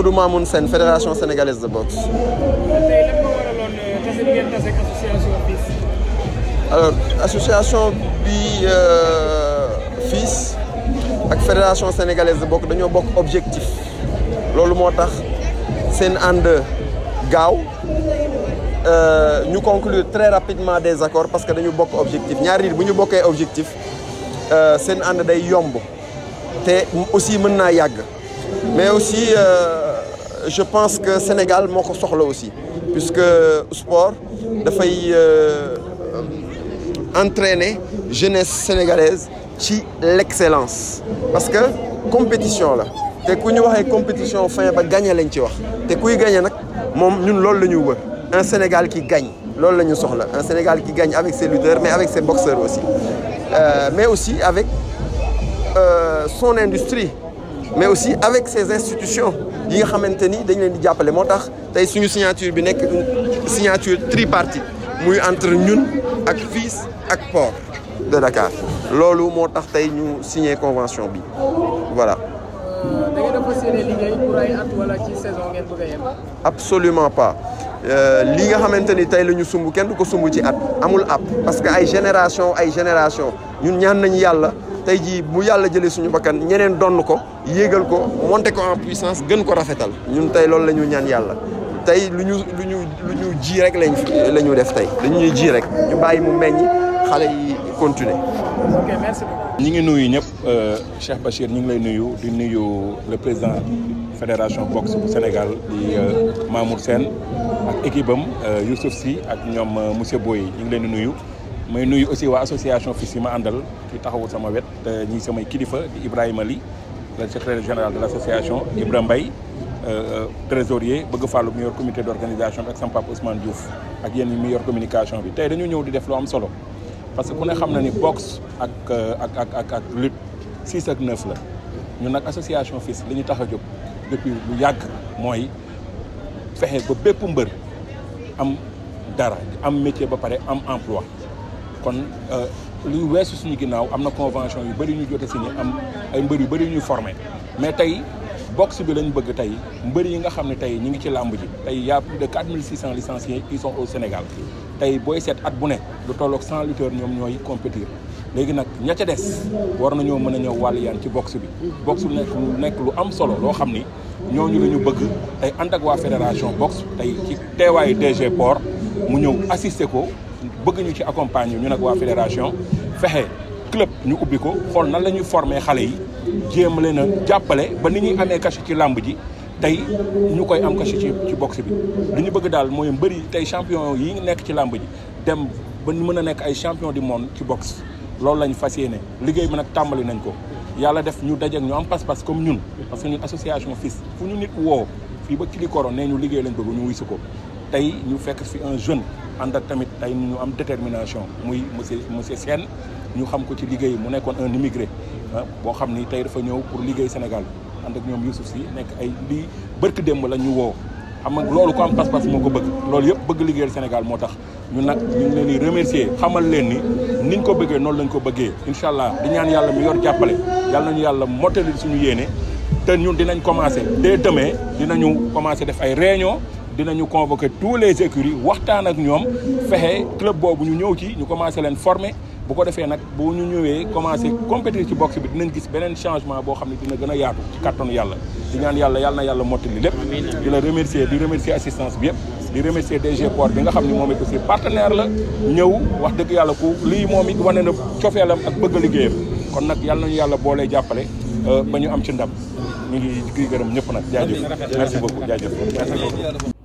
Modou Mamoun Sène fédération sénégalaise de boxe. Euh, alors association bi euh, FILS ak fédération sénégalaise de boxe dañoo bokk objectif loolu moo tax seen ànd gaaw euh, ñu conclure très rapidement des accords parce que dañu bokk objectif ñaari nit bu ñu bokkee objectif seen ànd day yomb te aussi mën naa yàgg mais aussi. je pense que Sénégal moo ko soxla aussi puisque sport dafay euh, entraîner jeunesse sénégalaise ci l'excellence parce que compétition la te ku ñu waxee compétition fin ba gagné lañ ci wax te kuy gagné nag moom ñun loolu la ñu wër un Sénégal qui gagne loolu la ñu soxla un Sénégal qui gagne avec ses lutteurs mais avec ses boxeurs aussi euh, mais aussi avec euh, son industrie mais aussi avec ces institutions yi nga xamante ni dañ leen di jàppale moo tax tey suñu signature bi nekk une signature tripartite muy entre ñun ak FIS ak port de Dakar loolu moo tax tey ñu signe convention bi voilà. da ngeen fas yéene absolument pas euh, li nga xamante ni tey la ñu sumb kenn du ko sumb ci at amul ab parce que ay génération ay génération ñun ñaan nañu yàlla. tey jii bu yàlla jëlee suñu bakkan ñeneen donn ko yéegal ko monter ko en puissance gën ko rafetal ñun tey loolu lañu ñaan yàlla tey lu ñu lu ñu lu ñu ji rek lañ la ñu def tey dañuy ñuy ji rek ñu bàyyi mu meññ xale yi continuer ok ñi ngi nuyu ñëpp euh, Cheikh Bachir ñu ngi lay nuyu di nuyu le président fédération boxe bu Sénégal di euh, Mamour Sène ak équipe am euh, Youssouf si ak ñoom monsieur Boye ñu ngi leen di nuyu may nuyu aussi waa association FILS yi ma àndal ci taxawu sama wet ñi samay kilifa di Ibrahima Ly le secrétaire général de l' association Ibra Mbaye euh, euh, trésorier bëgg fàllu mi yor comité d' organisation bi ak sama papa Ousmane Diouf ak yéen mi yor communication bi tey dañu ñëw di def lu am solo parce que ku ne xam na ni boxe ak euh, ak ak ak ak lutte la ñun nag association FILS li ñu tax a jóg depuis lu yàgg mooy fexe ba bépp mbër am dara am métier ba pare am emploi kon euh, lu weesu suñu ginnaaw am na convention yu bëri ñu jot a signé am ay mbër yu bëri ñu formé mais tey boxe bi lañ bëgg tey mbër yi nga xam ne tey ñu ngi ci làmb ji tey y a plus de cents licenciés il sont au Sénégal tey booy seet at bu ne lu tolloog 100 lutteurs ñoom ñooy compétir léegi nag ña ca des war nañoo mën a ñëw wàll yaan ci boxe bi boxe lu nekk lu nekk lu am solo loo xam ni ñoo ñu ñu bëgg tey ànd ak waa fédération boxe tey ci teewaayu DG Port mu ñëw assister ko bëgg ñu ci accompagner ñu nag waa fédération fexe club ñu ubbi ko xool nan la ñuy former xale yi jéem leen a jàppale ba ni ñuy amee cachet ci làmb ji tey ñu koy am cachet ci ci boxe bi. lu ñu bëgg daal mooy mbëri tey champion yi nekk ci làmb ji dem ba ñu mën a nekk ay champion du monde ci boxe loolu lañ fas yéene liggéey bi nag tàmbali nañ ko. yàlla def ñu dajeeg ñu am pas-pas comme ñun parce que association FILS fu ñu nit woo fii ba ci li koro nee ñu liggéey lañ bëgg ñu wuy si ko tey ñu fekk fi un jeune ànd tamit tey ñu am détermination muy monsieur monsieur Sène ñu xam ko ci liggéey mu nekkoon un immigré ah, boo xam ni tey dafa ñëw pour liggéey Sénégal ànd ak ñoom Youssouf si nekk ay lii bërk démb la ñu woo xam loolu ko am pas-pas moo ko bëgg loolu yëpp bëgg liggéeyal Sénégal moo tax ñu nag ñu ngi leen di xamal leen ni niñ ko bëggee noonu lañ ko bëggee incha allah di ñaan yàlla mu yor jàppale yàlla nañu yàlla mottali suñu yéene te ñun dinañ commencé dès demain dinañu commencé def ay réunion dinañu convoquer tous les écuries waxtaan ak ñoom fexe club boobu ñu ñëw ci ñu commencé leen former bu ko defee nag bu ñu ñëwee commencé compétir ci boxe bi dinañ gis beneen changement boo xam ne dina gën a yaatu ci kàttanu yàlla di ñaan yàlla yàlla na yàlla mottali lépp di la assistance bi yëpp di remercier DG Port bi nga xam ni moom it aussi partenaire la ñëw wax dëgg yàlla ku lii moom it wane na cofeelam ak bëgg a liggéeyam kon nag yàlla nañu yàlla boolee jàppale euh, ba ñu am ci ndam ñu ngi gërëm ñëpp nag jaajëf merci beaucoup jaajëf